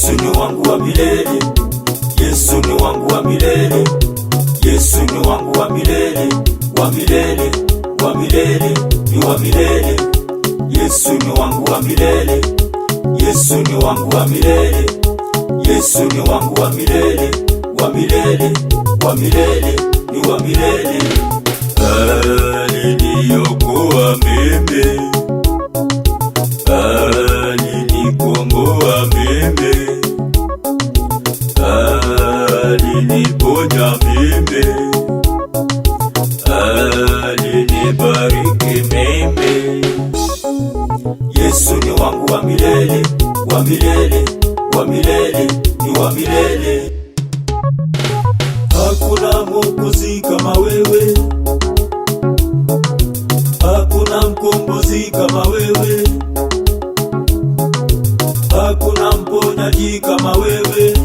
Yesu ni wangu wa milele, Yesu ni wangu wa milele, Yesu ni wangu wa milele, wa milele, wa milele, ni wa milele. Yesu ni wangu wa milele, Yesu ni wangu wa milele, Yesu ni wangu wa milele, wa milele, wa milele, ni wa milele. Hali niliyokuwa mimi wa milele, wa milele, wa milele, ni wa milele. Hakuna mwokozi kama wewe, hakuna mkombozi kama wewe, hakuna mponyaji kama wewe,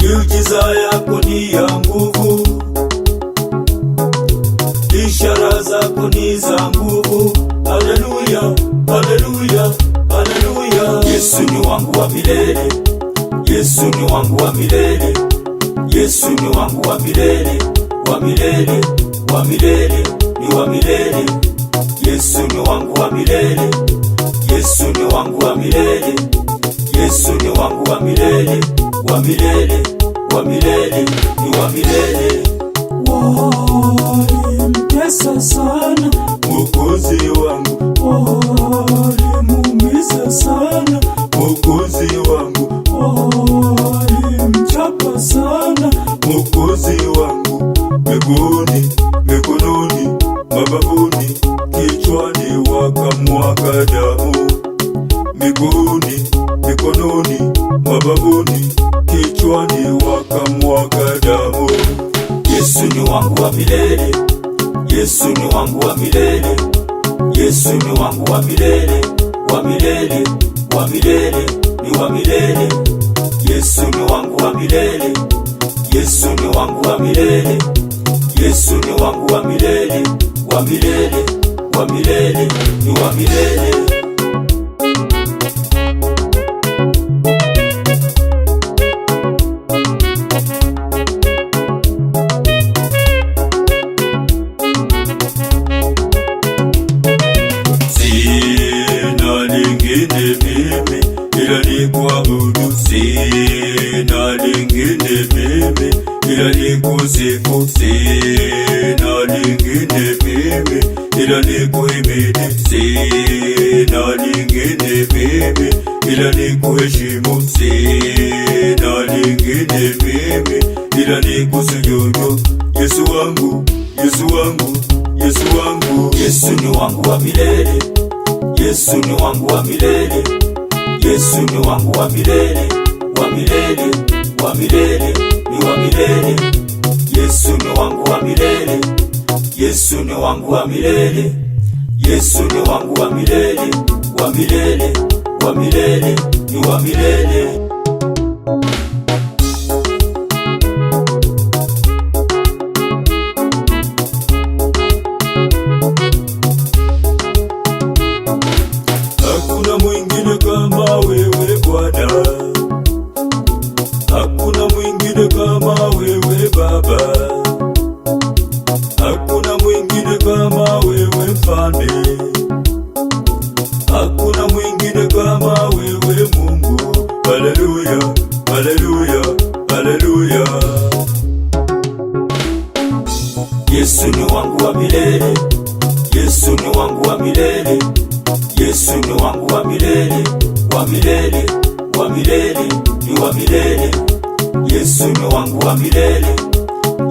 miujiza yako ni ya wangu wa milele, Yesu ni wangu wa milele, Yesu ni wangu wa milele, wa milele, wa milele, ni wa milele. Yesu ni wangu wa milele, Yesu ni wangu wa milele, Yesu ni wangu wa milele, wa milele, wa milele, ni wa milele. Walimtesa sana Mwokozi miguuni, mikononi, mabavuni, kichwani, wakamwaga damu. Miguuni, mikononi, mabavuni, kichwani, wakamwaga damu. Yesu ni wangu wa milele, Yesu ni wangu wa milele, Yesu ni wangu wa milele, wa milele, wa milele, ni wa milele. Yesu ni wangu wa milele, Yesu ni wangu wa milele Yesu ni wangu wa milele, wa milele, wa milele, ni wa milele. Sina lingine mimi ila ni sina mimi ila ila nikuhimidi, sina lingine mimi ila nikuheshimu, sina lingine mimi ila nikusujudu. Yesu wangu, Yesu wangu, Yesu wangu, Yesu ni wangu wa milele, Yesu ni wangu wa milele, Yesu ni wangu wa milele, wa milele, wa milele, ni wa milele, Yesu ni wangu wa milele Yesu ni wangu wa milele, Yesu ni wangu wa milele, wa milele, wa milele, ni wa milele. Hakuna mwingine kama wewe Bwana, hakuna mwingine kama wewe Baba mfalme, hakuna mwingine kama wewe Mungu. Haleluya, haleluya, haleluya. Yesu ni wangu wa milele, Yesu ni wangu wa milele, Yesu ni wangu wa milele, wa milele, wa milele, ni wa milele. Yesu ni wangu wa milele,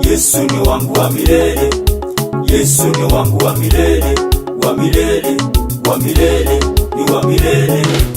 Yesu ni wangu wa milele, Yesu ni wangu wa milele wa milele, wa milele, ni wa milele